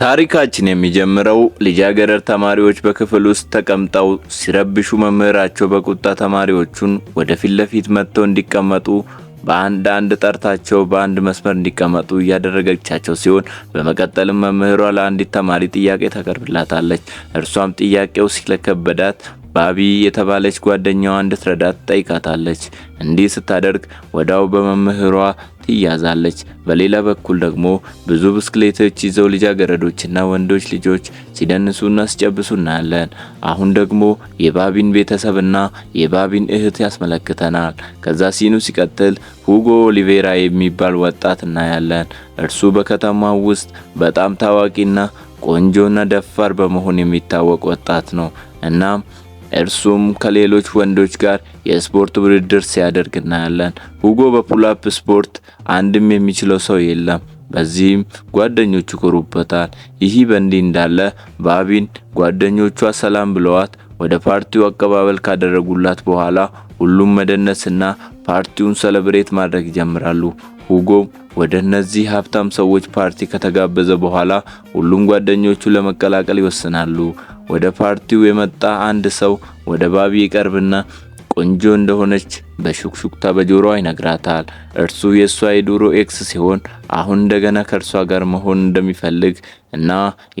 ታሪካችን የሚጀምረው ልጃገረድ ተማሪዎች በክፍል ውስጥ ተቀምጠው ሲረብሹ መምህራቸው በቁጣ ተማሪዎቹን ወደ ፊት ለፊት መጥተው እንዲቀመጡ በአንድ አንድ ጠርታቸው በአንድ መስመር እንዲቀመጡ እያደረገቻቸው ሲሆን በመቀጠልም መምህሯ ለአንዲት ተማሪ ጥያቄ ታቀርብላታለች። እርሷም ጥያቄው ሲለከበዳት ባቢ የተባለች ጓደኛዋ እንድትረዳት ጠይቃታለች። እንዲህ ስታደርግ ወዳው በመምህሯ ትያዛለች። በሌላ በኩል ደግሞ ብዙ ብስክሌቶች ይዘው ልጃገረዶችና ወንዶች ልጆች ሲደንሱና ሲጨብሱ እናያለን። አሁን ደግሞ የባቢን ቤተሰብና የባቢን እህት ያስመለክተናል። ከዛ ሲኑ ሲቀጥል ሁጎ ኦሊቬራ የሚባል ወጣት እናያለን። እርሱ በከተማው ውስጥ በጣም ታዋቂና ቆንጆና ደፋር በመሆን የሚታወቅ ወጣት ነው። እናም እርሱም ከሌሎች ወንዶች ጋር የስፖርት ውድድር ሲያደርግ እናያለን። ሁጎ በፑላፕ ስፖርት አንድም የሚችለው ሰው የለም። በዚህም ጓደኞቹ ኮሩበታል። ይህ በእንዲህ እንዳለ ባቢን ጓደኞቿ ሰላም ብለዋት ወደ ፓርቲው አቀባበል ካደረጉላት በኋላ ሁሉም መደነስና ፓርቲውን ሰለብሬት ማድረግ ይጀምራሉ። ሁጎም ወደ እነዚህ ሀብታም ሰዎች ፓርቲ ከተጋበዘ በኋላ ሁሉም ጓደኞቹ ለመቀላቀል ይወስናሉ። ወደ ፓርቲው የመጣ አንድ ሰው ወደ ባቢ ይቀርብና ቆንጆ እንደሆነች በሹክሹክታ በጆሮዋ ይነግራታል። እርሱ የእሷ የድሮ ኤክስ ሲሆን አሁን እንደገና ከእርሷ ጋር መሆን እንደሚፈልግ እና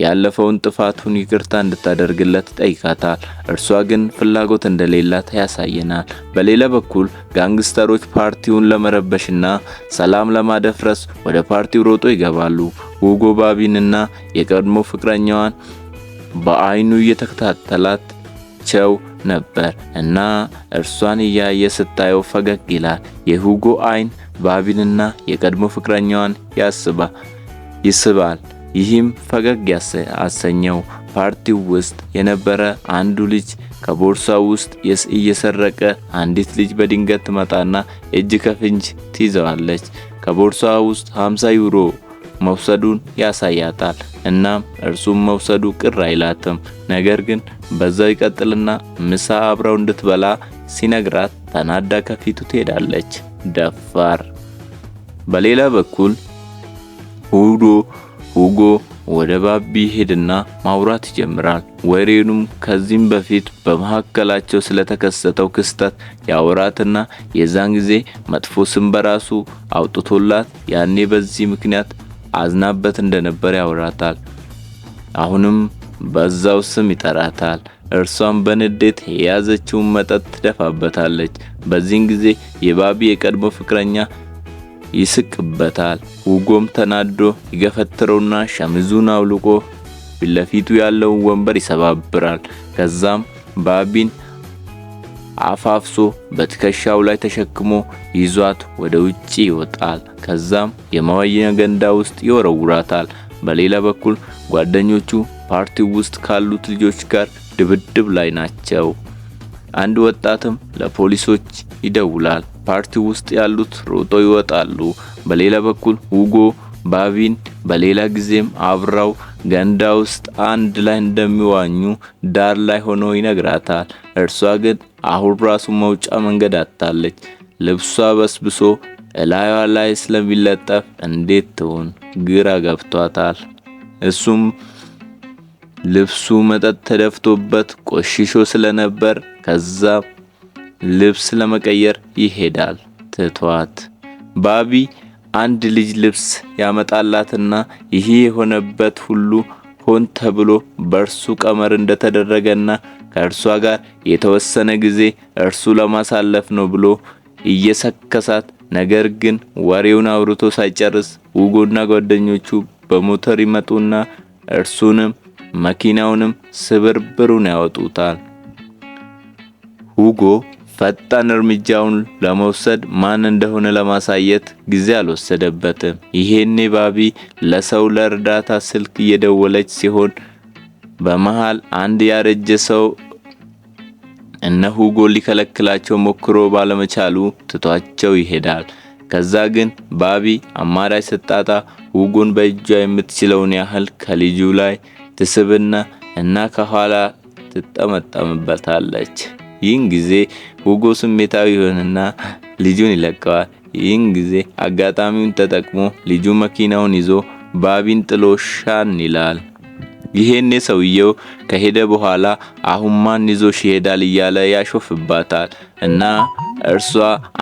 ያለፈውን ጥፋቱን ይቅርታ እንድታደርግለት ጠይቃታል። እርሷ ግን ፍላጎት እንደሌላት ያሳየናል። በሌላ በኩል ጋንግስተሮች ፓርቲውን ለመረበሽና ሰላም ለማደፍረስ ወደ ፓርቲው ሮጦ ይገባሉ። ሁጎ ባቢንና የቀድሞ ፍቅረኛዋን በአይኑ እየተከታተላት ቸው ነበር እና እርሷን እያየ ስታየው ፈገግ ይላል። የሁጎ አይን ባቢንና የቀድሞ ፍቅረኛዋን ያስባ ይስባል። ይህም ፈገግ ያሰኘው ፓርቲው ውስጥ የነበረ አንዱ ልጅ ከቦርሳ ውስጥ እየሰረቀ አንዲት ልጅ በድንገት ትመጣና እጅ ከፍንጅ ትይዘዋለች። ከቦርሳ ውስጥ 50 ዩሮ መውሰዱን ያሳያታል። እናም እርሱም መውሰዱ ቅር አይላትም። ነገር ግን በዛው ይቀጥልና ምሳ አብረው እንድትበላ ሲነግራት ተናዳ ከፊቱ ትሄዳለች። ደፋር። በሌላ በኩል ሁዶ ሁጎ ወደ ባቢ ማውራት ይጀምራል። ወሬኑም ከዚህም በፊት በመካከላቸው ስለተከሰተው ክስተት ያወራትና የዛን ጊዜ መጥፎ ስም በራሱ አውጥቶላት ያኔ በዚህ ምክንያት አዝናበት እንደነበር ያወራታል። አሁንም በዛው ስም ይጠራታል። እርሷም በንዴት የያዘችውን መጠጥ ትደፋበታለች። በዚህን ጊዜ የባቢ የቀድሞ ፍቅረኛ ይስቅበታል። ሁጎም ተናዶ ይገፈትረውና ሸሚዙን አውልቆ ፊትለፊቱ ያለውን ወንበር ይሰባብራል። ከዛም ባቢን አፋፍሶ በትከሻው ላይ ተሸክሞ ይዟት ወደ ውጪ ይወጣል። ከዛም የመዋኛ ገንዳ ውስጥ ይወረውራታል። በሌላ በኩል ጓደኞቹ ፓርቲው ውስጥ ካሉት ልጆች ጋር ድብድብ ላይ ናቸው። አንድ ወጣትም ለፖሊሶች ይደውላል። ፓርቲው ውስጥ ያሉት ሮጦ ይወጣሉ። በሌላ በኩል ሁጎ ባቢን በሌላ ጊዜም አብራው ገንዳ ውስጥ አንድ ላይ እንደሚዋኙ ዳር ላይ ሆኖ ይነግራታል። እርሷ ግን አሁን ራሱ መውጫ መንገድ አጣለች። ልብሷ በስብሶ እላዩዋ ላይ ስለሚለጠፍ እንዴት ትሆን ግራ ገብቷታል። እሱም ልብሱ መጠጥ ተደፍቶበት ቆሽሾ ስለነበር ከዛ ልብስ ለመቀየር ይሄዳል። ትቷት ባቢ አንድ ልጅ ልብስ ያመጣላትና ይሄ የሆነበት ሁሉ ሆን ተብሎ በእርሱ ቀመር እንደተደረገና ከእርሷ ጋር የተወሰነ ጊዜ እርሱ ለማሳለፍ ነው ብሎ እየሰከሳት፣ ነገር ግን ወሬውን አውርቶ ሳይጨርስ ውጎና ጓደኞቹ በሞተር ይመጡና እርሱንም መኪናውንም ስብርብሩን ያወጡታል። ሁጎ ፈጣን እርምጃውን ለመውሰድ ማን እንደሆነ ለማሳየት ጊዜ አልወሰደበትም። ይሄኔ ባቢ ለሰው ለእርዳታ ስልክ እየደወለች ሲሆን በመሃል አንድ ያረጀ ሰው እነ ሁጎ ሊከለክላቸው ሞክሮ ባለመቻሉ ትቷቸው ይሄዳል። ከዛ ግን ባቢ አማራጭ ስታጣ ሁጎን በእጇ የምትችለውን ያህል ከልጁ ላይ ትስብና እና ከኋላ ትጠመጠምበታለች። ይህን ጊዜ ሁጎ ስሜታዊ ይሆንና ልጁን ይለቀዋል። ይህን ጊዜ አጋጣሚውን ተጠቅሞ ልጁ መኪናውን ይዞ ባቢን ጥሎ ሻን ይላል። ይሄኔ ሰውየው ከሄደ በኋላ አሁን ማን ይዞሽ ይሄዳል እያለ ያሾፍባታል እና እርሷ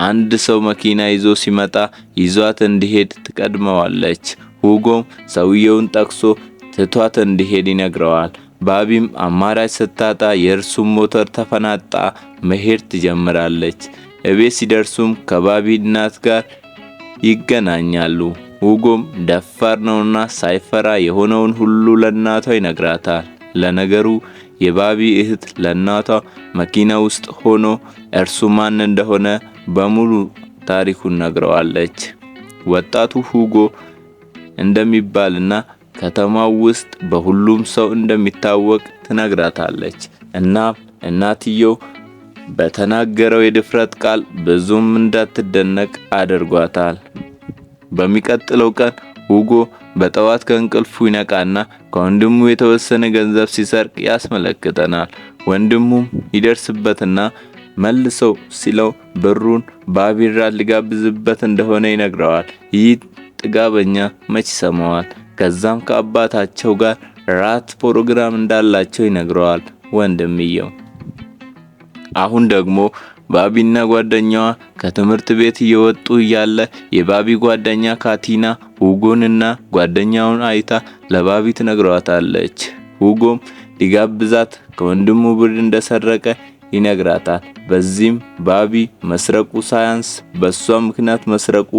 አንድ ሰው መኪና ይዞ ሲመጣ ይዟት እንዲሄድ ትቀድመዋለች። ሁጎም ሰውየውን ጠቅሶ ትቷት እንዲሄድ ይነግረዋል። ባቢም አማራጭ ስታጣ የእርሱም ሞተር ተፈናጣ መሄድ ትጀምራለች። እቤት ሲደርሱም ከባቢ እናት ጋር ይገናኛሉ። ሁጎም ደፋር ነውና ሳይፈራ የሆነውን ሁሉ ለእናቷ ይነግራታል። ለነገሩ የባቢ እህት ለእናቷ መኪና ውስጥ ሆኖ እርሱ ማን እንደሆነ በሙሉ ታሪኩን ነግረዋለች። ወጣቱ ሁጎ እንደሚባልና ከተማው ውስጥ በሁሉም ሰው እንደሚታወቅ ትነግራታለች እና እናትየው በተናገረው የድፍረት ቃል ብዙም እንዳትደነቅ አድርጓታል። በሚቀጥለው ቀን ሁጎ በጠዋት ከእንቅልፉ ይነቃና ከወንድሙ የተወሰነ ገንዘብ ሲሰርቅ ያስመለክተናል። ወንድሙም ይደርስበትና መልሰው ሲለው ብሩን በአቢራ ሊጋብዝበት እንደሆነ ይነግረዋል። ይህ ጥጋበኛ መች ይሰማዋል? ከዛም ከአባታቸው ጋር ራት ፕሮግራም እንዳላቸው ይነግረዋል ወንድምየው። አሁን ደግሞ ባቢና ጓደኛዋ ከትምህርት ቤት እየወጡ እያለ የባቢ ጓደኛ ካቲና ሁጎንና ጓደኛውን አይታ ለባቢ ትነግረዋታለች። ሁጎም ሊጋብዛት ከወንድሙ ብር እንደሰረቀ ይነግራታል። በዚህም ባቢ መስረቁ ሳያንስ በሷ ምክንያት መስረቁ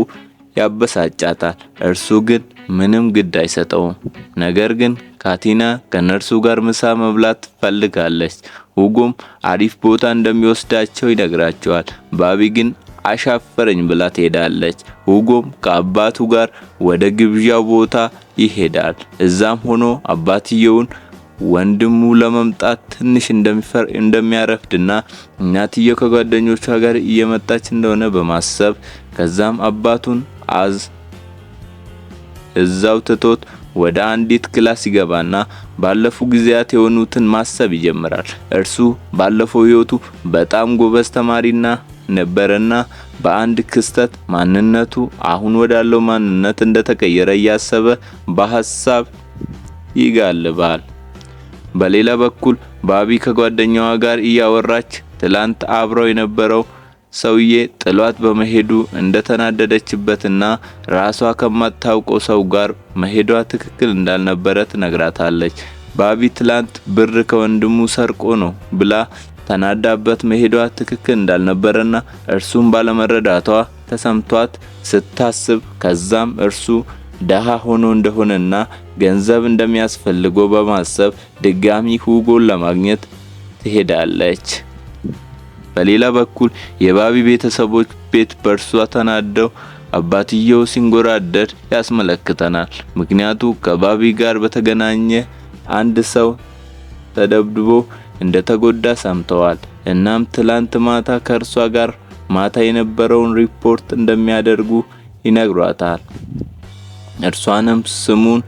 ያበሳጫታል። እርሱ ግን ምንም ግድ አይሰጠውም። ነገር ግን ካቲና ከነርሱ ጋር ምሳ መብላት ትፈልጋለች። ሁጎም አሪፍ ቦታ እንደሚወስዳቸው ይነግራቸዋል። ባቢ ግን አሻፈረኝ ብላ ትሄዳለች። ሁጎም ከአባቱ ጋር ወደ ግብዣው ቦታ ይሄዳል። እዛም ሆኖ አባትየውን ወንድሙ ለመምጣት ትንሽ እንደሚያረፍድና እናትየው ከጓደኞቿ ጋር እየመጣች እንደሆነ በማሰብ ከዛም አባቱን አዝ እዛው ትቶት ወደ አንዲት ክላስ ይገባና ባለፉ ጊዜያት የሆኑትን ማሰብ ይጀምራል። እርሱ ባለፈው ህይወቱ በጣም ጎበዝ ተማሪና ነበረና በአንድ ክስተት ማንነቱ አሁን ወዳለው ማንነት እንደተቀየረ እያሰበ በሀሳብ ይጋልባል። በሌላ በኩል ባቢ ከጓደኛዋ ጋር እያወራች ትላንት አብረው የነበረው ሰውዬ ጥሏት በመሄዱ እንደተናደደችበትና ራሷ ከማታውቀው ሰው ጋር መሄዷ ትክክል እንዳልነበረ ትነግራታለች። ባቢ ትላንት ብር ከወንድሙ ሰርቆ ነው ብላ ተናዳበት መሄዷ ትክክል እንዳልነበረና እርሱም ባለመረዳቷ ተሰምቷት ስታስብ ከዛም እርሱ ደሃ ሆኖ እንደሆነና ገንዘብ እንደሚያስፈልጎ በማሰብ ድጋሚ ሁጎን ለማግኘት ትሄዳለች። በሌላ በኩል የባቢ ቤተሰቦች ቤት በእርሷ ተናደው አባትየው ሲንጎራደድ ያስመለክተናል። ምክንያቱ ከባቢ ጋር በተገናኘ አንድ ሰው ተደብድቦ እንደተጎዳ ሰምተዋል። እናም ትላንት ማታ ከእርሷ ጋር ማታ የነበረውን ሪፖርት እንደሚያደርጉ ይነግሯታል። እርሷንም ስሙን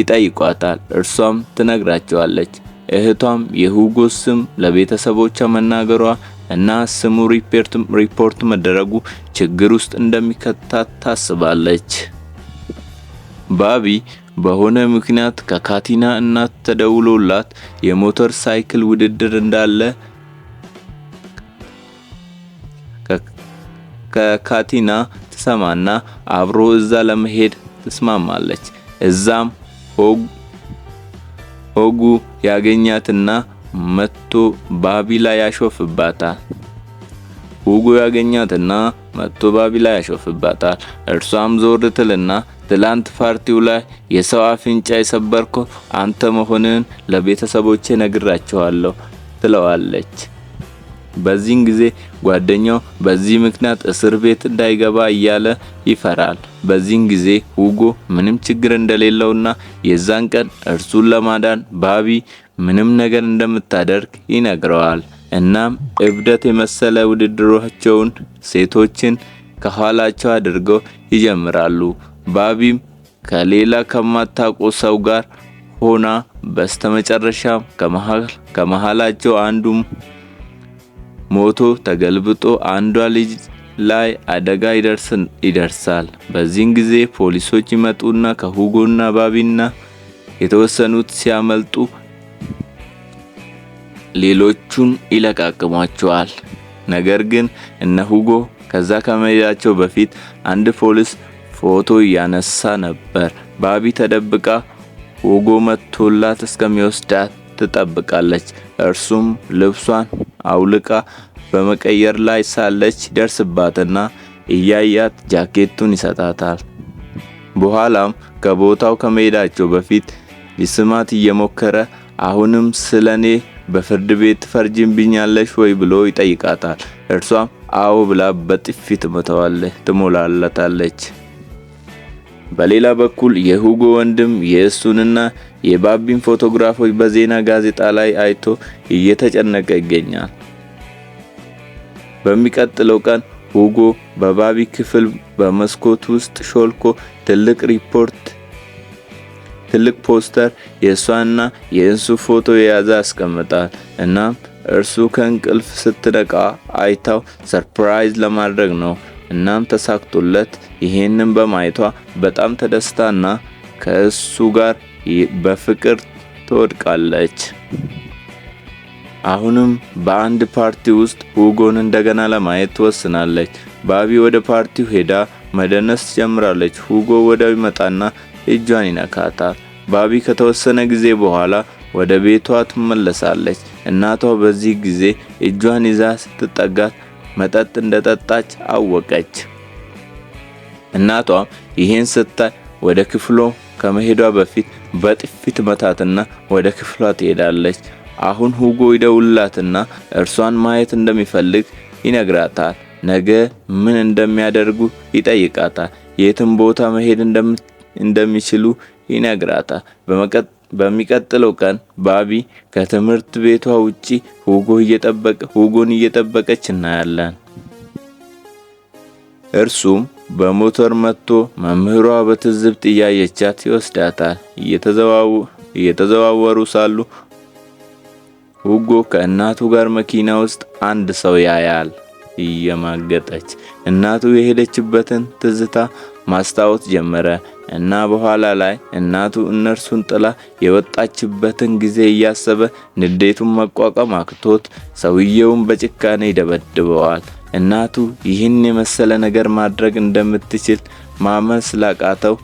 ይጠይቋታል። እርሷም ትነግራቸዋለች። እህቷም የሁጎ ስም ለቤተሰቦቿ መናገሯ እና ስሙ ሪፖርት መደረጉ ችግር ውስጥ እንደሚከታት ታስባለች። ባቢ በሆነ ምክንያት ከካቲና እናት ተደውሎላት የሞተር ሳይክል ውድድር እንዳለ ከካቲና ትሰማና አብሮ እዛ ለመሄድ ትስማማለች። እዛም ሆጉ ያገኛትና መጥቶ ባቢላ ያሾፍባታል። ሁጎ ያገኛትና መጥቶ ባቢላ ያሾፍባታል። እርሷም ዞር ትልና ትላንት ፓርቲው ላይ የሰው አፍንጫ የሰበርኮ አንተ መሆንን ለቤተሰቦቼ ነግራቸዋለሁ ትለዋለች። በዚህን ጊዜ ጓደኛው በዚህ ምክንያት እስር ቤት እንዳይገባ እያለ ይፈራል። በዚህን ጊዜ ሁጎ ምንም ችግር እንደሌለውና የዛን ቀን እርሱን ለማዳን ባቢ ምንም ነገር እንደምታደርግ ይነግረዋል። እናም እብደት የመሰለ ውድድሮቸውን ሴቶችን ከኋላቸው አድርገው ይጀምራሉ። ባቢም ከሌላ ከማታውቁ ሰው ጋር ሆና በስተመጨረሻ ከመሃል ከመሃላቸው አንዱ ሞቶ ተገልብጦ አንዷ ልጅ ላይ አደጋ ይደርስን ይደርሳል። በዚህን ጊዜ ፖሊሶች ይመጡና ከሁጎና ባቢና የተወሰኑት ሲያመልጡ ሌሎቹን ይለቃቅሟቸዋል። ነገር ግን እነ ሁጎ ከዛ ከመሄዳቸው በፊት አንድ ፖሊስ ፎቶ እያነሳ ነበር። ባቢ ተደብቃ ሁጎ መቶላት እስከሚወስዳት ትጠብቃለች። እርሱም ልብሷን አውልቃ በመቀየር ላይ ሳለች ደርስባትና እያያት ጃኬቱን ይሰጣታል። በኋላም ከቦታው ከመሄዳቸው በፊት ሊስማት እየሞከረ አሁንም ስለኔ በፍርድ ቤት ትፈርጂብኛለሽ ወይ ብሎ ይጠይቃታል። እርሷም አዎ ብላ በጥፊ ትመታዋለች፣ ትሞላለታለች። በሌላ በኩል የሁጎ ወንድም የእሱንና የባቢን ፎቶግራፎች በዜና ጋዜጣ ላይ አይቶ እየተጨነቀ ይገኛል። በሚቀጥለው ቀን ሁጎ በባቢ ክፍል በመስኮት ውስጥ ሾልኮ ትልቅ ሪፖርት ትልቅ ፖስተር የእሷና የእሱ ፎቶ የያዘ አስቀምጣል። እናም እርሱ ከእንቅልፍ ስትነቃ አይታው ሰርፕራይዝ ለማድረግ ነው። እናም ተሳክቶለት ይሄንን በማየቷ በጣም ተደስታና ከእሱ ጋር በፍቅር ትወድቃለች። አሁንም በአንድ ፓርቲ ውስጥ ሁጎን እንደገና ለማየት ትወስናለች። ባቢ ወደ ፓርቲው ሄዳ መደነስ ጀምራለች። ሁጎ ወዲያው ይመጣና እጇን ይነካታል። ባቢ ከተወሰነ ጊዜ በኋላ ወደ ቤቷ ትመለሳለች። እናቷ በዚህ ጊዜ እጇን ይዛ ስትጠጋት መጠጥ እንደጠጣች አወቀች። እናቷም ይህን ስታይ ወደ ክፍሎ ከመሄዷ በፊት በጥፊት መታትና ወደ ክፍሏ ትሄዳለች። አሁን ሁጎ ይደውላትና እርሷን ማየት እንደሚፈልግ ይነግራታል። ነገ ምን እንደሚያደርጉ ይጠይቃታል። የትም ቦታ መሄድ እንደምት እንደሚችሉ ይነግራታል። በሚቀጥለው ቀን ባቢ ከትምህርት ቤቷ ውጪ ሁጎ እየጠበቀ ሁጎን እየጠበቀች እናያለን። እርሱም በሞተር መጥቶ መምህሯ በትዝብት እያየቻት ይወስዳታል። እየተዘዋወሩ ሳሉ ሁጎ ከእናቱ ጋር መኪና ውስጥ አንድ ሰው ያያል። እየማገጠች እናቱ የሄደችበትን ትዝታ ማስታወስ ጀመረ እና በኋላ ላይ እናቱ እነርሱን ጥላ የወጣችበትን ጊዜ እያሰበ ንዴቱን መቋቋም አቅቶት ሰውየውን በጭካኔ ይደበድበዋል። እናቱ ይህን የመሰለ ነገር ማድረግ እንደምትችል ማመን ስላቃተው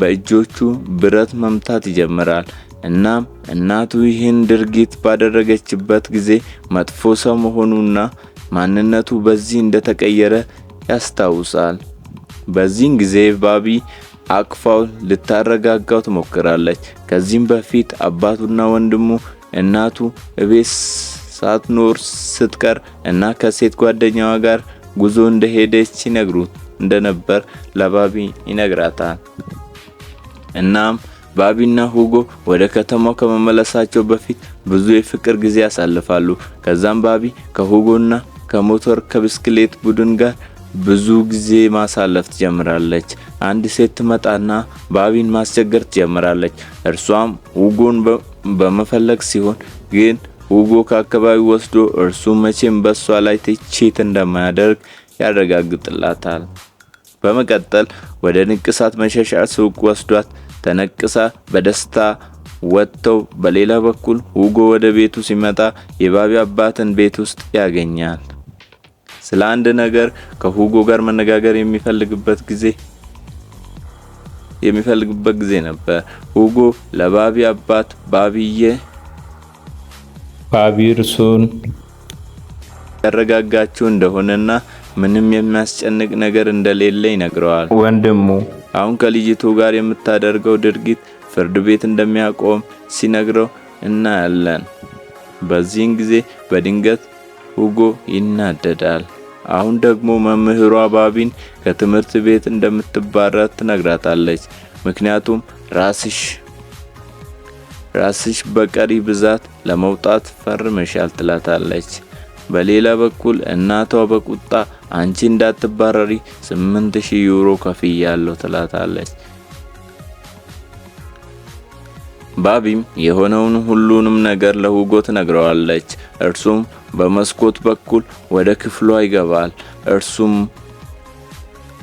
በእጆቹ ብረት መምታት ይጀምራል። እናም እናቱ ይህን ድርጊት ባደረገችበት ጊዜ መጥፎ ሰው መሆኑና ማንነቱ በዚህ እንደተቀየረ ያስታውሳል። በዚህን ጊዜ ባቢ አቅፋው ልታረጋጋው ትሞክራለች። ከዚህም በፊት አባቱና ወንድሙ እናቱ እቤት ሳትኖር ስትቀር እና ከሴት ጓደኛዋ ጋር ጉዞ እንደሄደች ይነግሩት እንደነበር ለባቢ ይነግራታል። እናም ባቢና ሁጎ ወደ ከተማው ከመመለሳቸው በፊት ብዙ የፍቅር ጊዜ ያሳልፋሉ። ከዛም ባቢ ከሁጎና ከሞተር ከብስክሌት ቡድን ጋር ብዙ ጊዜ ማሳለፍ ትጀምራለች። አንድ ሴት ትመጣና ባቢን ማስቸገር ትጀምራለች። እርሷም ውጎን በመፈለግ ሲሆን ግን ውጎ ከአካባቢ ወስዶ እርሱ መቼም በእሷ ላይ ትችት እንደማያደርግ ያረጋግጥላታል። በመቀጠል ወደ ንቅሳት መሸሻ ሱቅ ወስዷት ተነቅሳ በደስታ ወጥተው፣ በሌላ በኩል ውጎ ወደ ቤቱ ሲመጣ የባቢ አባትን ቤት ውስጥ ያገኛል። ስለ አንድ ነገር ከሁጎ ጋር መነጋገር የሚፈልግበት ጊዜ የሚፈልግበት ጊዜ ነበር። ሁጎ ለባቢ አባት ባቢዬ ባቢ እርሱን ያረጋጋችሁ እንደሆነና ምንም የሚያስጨንቅ ነገር እንደሌለ ይነግረዋል። ወንድሙ አሁን ከልጅቱ ጋር የምታደርገው ድርጊት ፍርድ ቤት እንደሚያቆም ሲነግረው እናያለን። በዚህን ጊዜ በድንገት ሁጎ ይናደዳል። አሁን ደግሞ መምህሯ ባቢን ከትምህርት ቤት እንደምትባረር ትነግራታለች። ምክንያቱም ራስሽ ራስሽ በቀሪ ብዛት ለመውጣት ፈርመሻል ትላታለች። በሌላ በኩል እናቷ በቁጣ አንቺ እንዳትባረሪ 8000 ዩሮ ከፍያለሁ ትላታለች። ባቢም የሆነውን ሁሉንም ነገር ለሁጎ ትነግረዋለች። እርሱም በመስኮት በኩል ወደ ክፍሏ ይገባል። እርሱም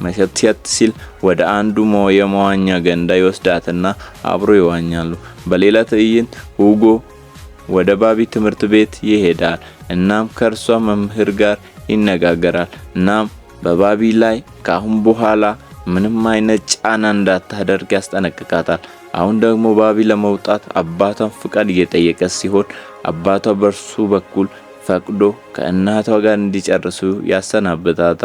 መሸትሸት ሲል ወደ አንዱ የመዋኛ ገንዳ ይወስዳትና አብሮ ይዋኛሉ። በሌላ ትዕይንት ሁጎ ወደ ባቢ ትምህርት ቤት ይሄዳል። እናም ከእርሷ መምህር ጋር ይነጋገራል። እናም በባቢ ላይ ከአሁን በኋላ ምንም አይነት ጫና እንዳታደርግ ያስጠነቅቃታል። አሁን ደግሞ ባቢ ለመውጣት አባቷን ፍቃድ እየጠየቀ ሲሆን አባቷ በእርሱ በኩል ፈቅዶ ከእናቷ ጋር እንዲጨርሱ ያሰናብታታ።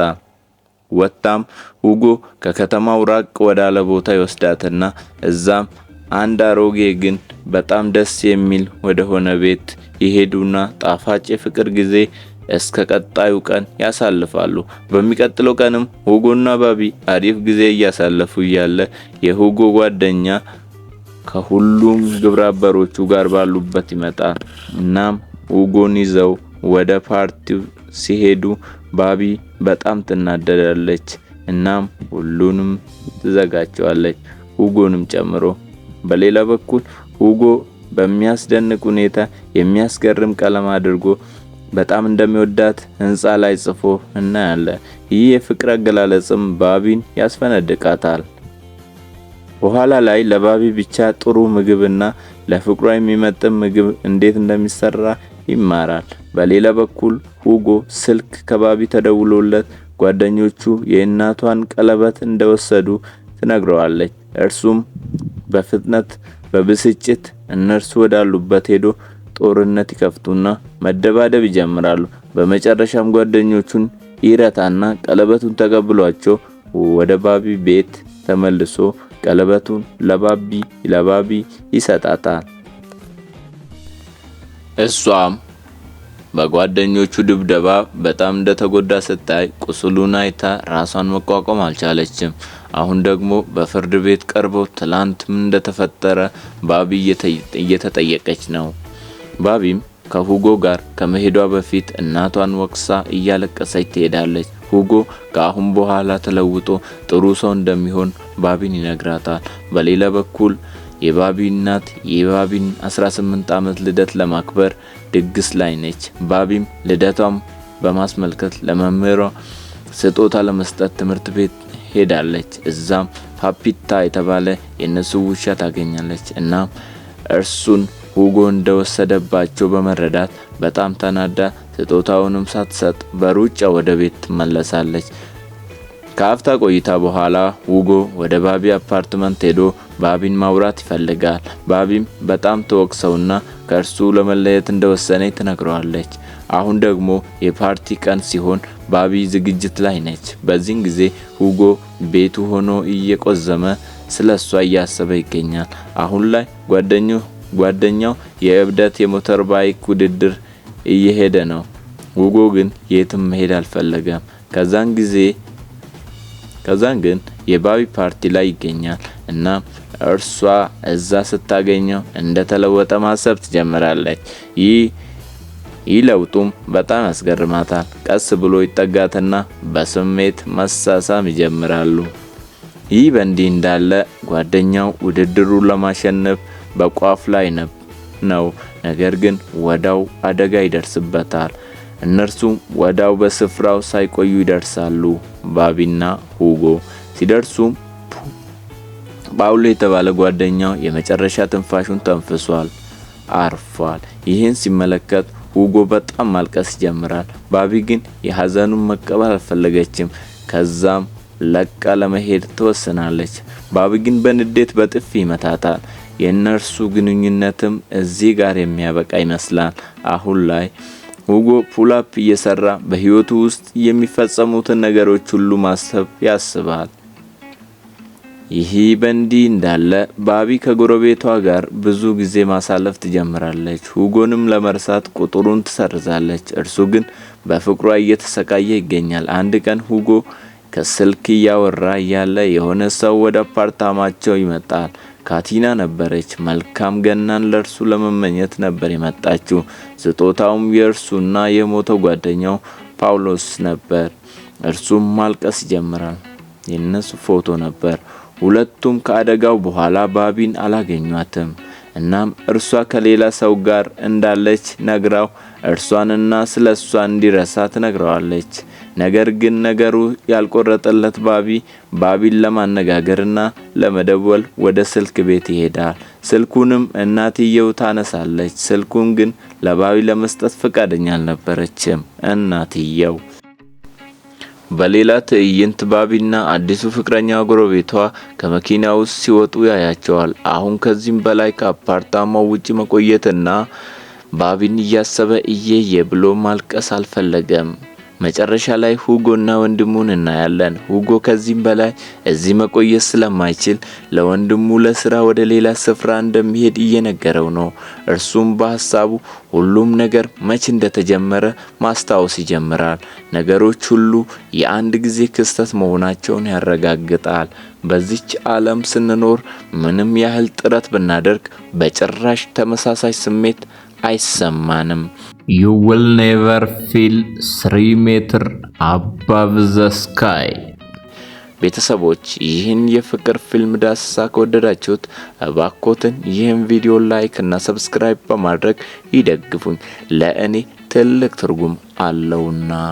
ወጣም ሁጎ ከከተማው ራቅ ወዳለ ቦታ ይወስዳትና እዛም አንድ አሮጌ ግን በጣም ደስ የሚል ወደሆነ ቤት ይሄዱና ጣፋጭ የፍቅር ጊዜ እስከ ቀጣዩ ቀን ያሳልፋሉ። በሚቀጥለው ቀንም ሁጎና ባቢ አሪፍ ጊዜ እያሳለፉ እያለ የሁጎ ጓደኛ ከሁሉም ግብረ አበሮቹ ጋር ባሉበት ይመጣል። እናም ውጎን ይዘው ወደ ፓርቲው ሲሄዱ ባቢ በጣም ትናደዳለች። እናም ሁሉንም ትዘጋቸዋለች፣ ውጎንም ጨምሮ። በሌላ በኩል ውጎ በሚያስደንቅ ሁኔታ የሚያስገርም ቀለም አድርጎ በጣም እንደሚወዳት ህንፃ ላይ ጽፎ እናያለን። ይህ የፍቅር አገላለጽም ባቢን ያስፈነድቃታል። በኋላ ላይ ለባቢ ብቻ ጥሩ ምግብና ለፍቅሯ የሚመጥን ምግብ እንዴት እንደሚሰራ ይማራል። በሌላ በኩል ሁጎ ስልክ ከባቢ ተደውሎለት ጓደኞቹ የእናቷን ቀለበት እንደወሰዱ ትነግረዋለች። እርሱም በፍጥነት በብስጭት እነርሱ ወዳሉበት ሄዶ ጦርነት ይከፍቱና መደባደብ ይጀምራሉ። በመጨረሻም ጓደኞቹን ይረታና ቀለበቱን ተቀብሏቸው ወደ ባቢ ቤት ተመልሶ ቀለበቱን ለባቢ ለባቢ ይሰጣታል። እሷም በጓደኞቹ ድብደባ በጣም እንደተጎዳ ስታይ ቁስሉን አይታ ራሷን መቋቋም አልቻለችም። አሁን ደግሞ በፍርድ ቤት ቀርቦ ትላንትም እንደተፈጠረ ባቢ እየተጠየቀች ነው። ባቢም ከሁጎ ጋር ከመሄዷ በፊት እናቷን ወቅሳ እያለቀሰች ትሄዳለች። ሁጎ ከአሁን በኋላ ተለውጦ ጥሩ ሰው እንደሚሆን ባቢን ይነግራታል። በሌላ በኩል የባቢ እናት የባቢን 18 ዓመት ልደት ለማክበር ድግስ ላይ ነች። ባቢም ልደቷም በማስመልከት ለመምህሯ ስጦታ ለመስጠት ትምህርት ቤት ሄዳለች። እዛም ፓፒታ የተባለ የእነሱ ውሻ ታገኛለች። እናም እርሱን ሁጎ እንደወሰደባቸው በመረዳት በጣም ተናዳ ስጦታውንም ሳትሰጥ በሩጫ ወደ ቤት ትመለሳለች። ከአፍታ ቆይታ በኋላ ውጎ ወደ ባቢ አፓርትመንት ሄዶ ባቢን ማውራት ይፈልጋል። ባቢም በጣም ተወቅሰውና ከእርሱ ለመለየት እንደወሰነ ትነግረዋለች። አሁን ደግሞ የፓርቲ ቀን ሲሆን ባቢ ዝግጅት ላይ ነች። በዚህን ጊዜ ሁጎ ቤቱ ሆኖ እየቆዘመ ስለ እሷ እያሰበ ይገኛል። አሁን ላይ ጓደኛው የእብደት የሞተር ባይክ ውድድር እየሄደ ነው። ሁጎ ግን የትም መሄድ አልፈለገም። ከዛን ጊዜ ከዛን ግን የባቢ ፓርቲ ላይ ይገኛል እና እርሷ እዛ ስታገኘው እንደተለወጠ ማሰብ ትጀምራለች። ይህ ይህ ለውጡም በጣም ያስገርማታል። ቀስ ብሎ ይጠጋትና በስሜት መሳሳም ይጀምራሉ። ይህ በእንዲህ እንዳለ ጓደኛው ውድድሩ ለማሸነፍ በቋፍ ላይ ነው። ነገር ግን ወዳው አደጋ ይደርስበታል። እነርሱም ወዳው በስፍራው ሳይቆዩ ይደርሳሉ። ባቢና ሁጎ ሲደርሱም ጳውሎ የተባለ ጓደኛው የመጨረሻ ትንፋሹን ተንፍሷል፣ አርፏል። ይህን ሲመለከት ሁጎ በጣም ማልቀስ ይጀምራል። ባቢ ግን የሐዘኑን መቀበል አልፈለገችም። ከዛም ለቃ ለመሄድ ትወስናለች። ባቢ ግን በንዴት በጥፊ ይመታታል። የእነርሱ ግንኙነትም እዚህ ጋር የሚያበቃ ይመስላል አሁን ላይ ሁጎ ፑላፕ እየሰራ በህይወቱ ውስጥ የሚፈጸሙትን ነገሮች ሁሉ ማሰብ ያስባል። ይህ በእንዲህ እንዳለ ባቢ ከጎረቤቷ ጋር ብዙ ጊዜ ማሳለፍ ትጀምራለች። ሁጎንም ለመርሳት ቁጥሩን ትሰርዛለች። እርሱ ግን በፍቅሯ እየተሰቃየ ይገኛል። አንድ ቀን ሁጎ ከስልክ እያወራ እያለ የሆነ ሰው ወደ አፓርታማቸው ይመጣል። ካቲና ነበረች። መልካም ገናን ለእርሱ ለመመኘት ነበር የመጣችው። ስጦታውም የእርሱና የሞተው ጓደኛው ጳውሎስ ነበር። እርሱም ማልቀስ ይጀምራል። የነሱ ፎቶ ነበር። ሁለቱም ከአደጋው በኋላ ባቢን አላገኟትም። እናም እርሷ ከሌላ ሰው ጋር እንዳለች ነግራው እርሷንና ስለ እሷ እንዲረሳ ትነግረዋለች። ነገር ግን ነገሩ ያልቆረጠለት ባቢ ባቢን ለማነጋገርና ለመደወል ወደ ስልክ ቤት ይሄዳል። ስልኩንም እናትየው ታነሳለች። ስልኩን ግን ለባቢ ለመስጠት ፈቃደኛ አልነበረችም እናትየው። በሌላ ትዕይንት ባቢና አዲሱ ፍቅረኛ ጎረቤቷ ከመኪና ውስጥ ሲወጡ ያያቸዋል። አሁን ከዚህም በላይ ከአፓርታማው ውጭ መቆየትና ባቢን እያሰበ እየየ ብሎ ማልቀስ አልፈለገም። መጨረሻ ላይ ሁጎና ወንድሙን እናያለን። ሁጎ ከዚህም በላይ እዚህ መቆየት ስለማይችል ለወንድሙ ለስራ ወደ ሌላ ስፍራ እንደሚሄድ እየነገረው ነው። እርሱም በሀሳቡ ሁሉም ነገር መቼ እንደተጀመረ ማስታወስ ይጀምራል። ነገሮች ሁሉ የአንድ ጊዜ ክስተት መሆናቸውን ያረጋግጣል። በዚች ዓለም ስንኖር ምንም ያህል ጥረት ብናደርግ በጭራሽ ተመሳሳይ ስሜት አይሰማንም። ዩ ዊል ኔቨር ፊል ስሪ ሜትር አባቭ ዘ ስካይ። ቤተሰቦች ይህን የፍቅር ፊልም ዳሰሳ ከወደዳችሁት እባኮትን ይህን ቪዲዮ ላይክ እና ሰብስክራይብ በማድረግ ይደግፉኝ፣ ለእኔ ትልቅ ትርጉም አለውና።